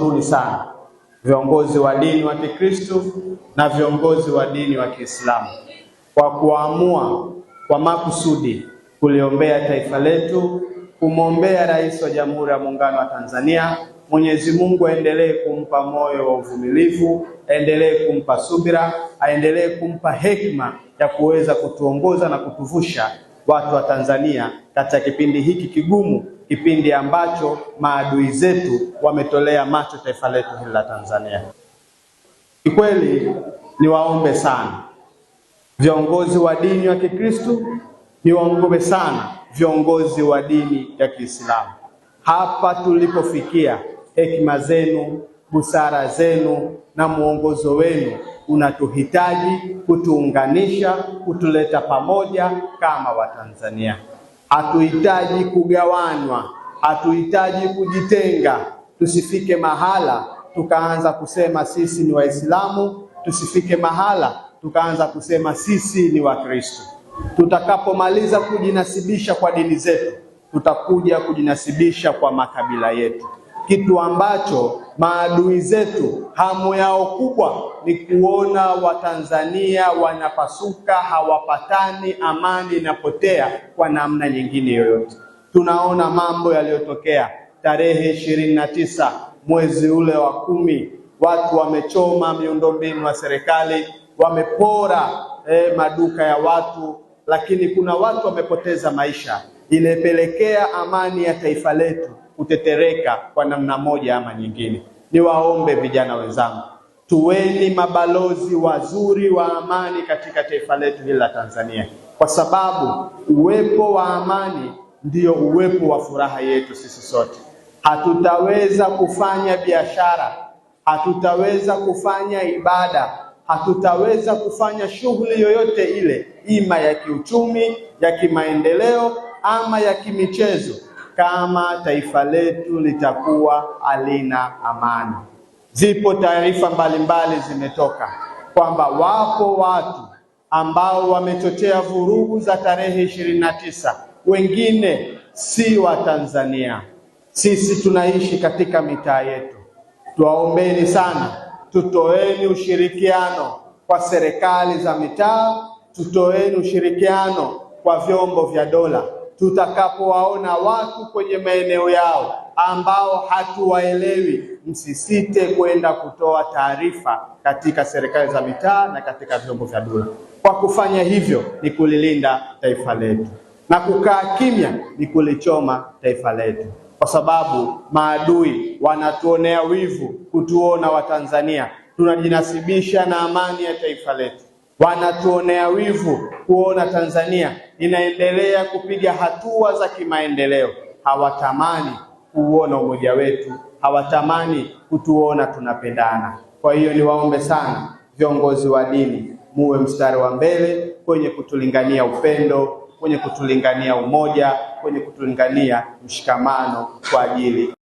tunawashukuruni sana viongozi wa dini wa Kikristo na viongozi wa dini wa Kiislamu kwa kuamua kwa makusudi kuliombea taifa letu, kumwombea Rais wa Jamhuri ya Muungano wa Tanzania. Mwenyezi Mungu aendelee kumpa moyo wa uvumilivu, aendelee kumpa subira, aendelee kumpa hekima ya kuweza kutuongoza na kutuvusha watu wa Tanzania katika kipindi hiki kigumu kipindi ambacho maadui zetu wametolea macho taifa letu hili la Tanzania. Kikweli niwaombe sana viongozi wa dini ya Kikristo, niwaombe sana viongozi wa dini ya Kiislamu, hapa tulipofikia, hekima zenu, busara zenu na mwongozo wenu unatuhitaji kutuunganisha, kutuleta pamoja kama Watanzania hatuhitaji kugawanywa, hatuhitaji kujitenga. Tusifike mahala tukaanza kusema sisi ni Waislamu, tusifike mahala tukaanza kusema sisi ni Wakristo. Tutakapomaliza kujinasibisha kwa dini zetu, tutakuja kujinasibisha kwa makabila yetu kitu ambacho maadui zetu hamu yao kubwa ni kuona Watanzania wanapasuka, hawapatani, amani inapotea kwa namna nyingine yoyote. Tunaona mambo yaliyotokea tarehe ishirini na tisa mwezi ule wa kumi, watu wamechoma miundombinu ya serikali, wamepora eh, maduka ya watu, lakini kuna watu wamepoteza maisha. Imepelekea amani ya taifa letu kutetereka kwa namna moja ama nyingine. Niwaombe vijana wenzangu, tuweni mabalozi wazuri wa amani katika taifa letu hili la Tanzania, kwa sababu uwepo wa amani ndio uwepo wa furaha yetu sisi sote. Hatutaweza kufanya biashara, hatutaweza kufanya ibada, hatutaweza kufanya shughuli yoyote ile, ima ya kiuchumi, ya kimaendeleo ama ya kimichezo kama taifa letu litakuwa halina amani. Zipo taarifa mbalimbali zimetoka kwamba wapo watu ambao wamechochea vurugu za tarehe ishirini na tisa, wengine si wa Tanzania. Sisi tunaishi katika mitaa yetu, tuwaombeni sana, tutoeni ushirikiano kwa serikali za mitaa, tutoeni ushirikiano kwa vyombo vya dola tutakapowaona watu kwenye maeneo yao ambao hatuwaelewi, msisite kwenda kutoa taarifa katika serikali za mitaa na katika vyombo vya dola. Kwa kufanya hivyo ni kulilinda taifa letu, na kukaa kimya ni kulichoma taifa letu, kwa sababu maadui wanatuonea wivu kutuona Watanzania tunajinasibisha na amani ya taifa letu wanatuonea wivu kuona Tanzania inaendelea kupiga hatua za kimaendeleo. Hawatamani kuuona umoja wetu, hawatamani kutuona tunapendana. Kwa hiyo niwaombe sana viongozi wa dini, muwe mstari wa mbele kwenye kutulingania upendo, kwenye kutulingania umoja, kwenye kutulingania mshikamano kwa ajili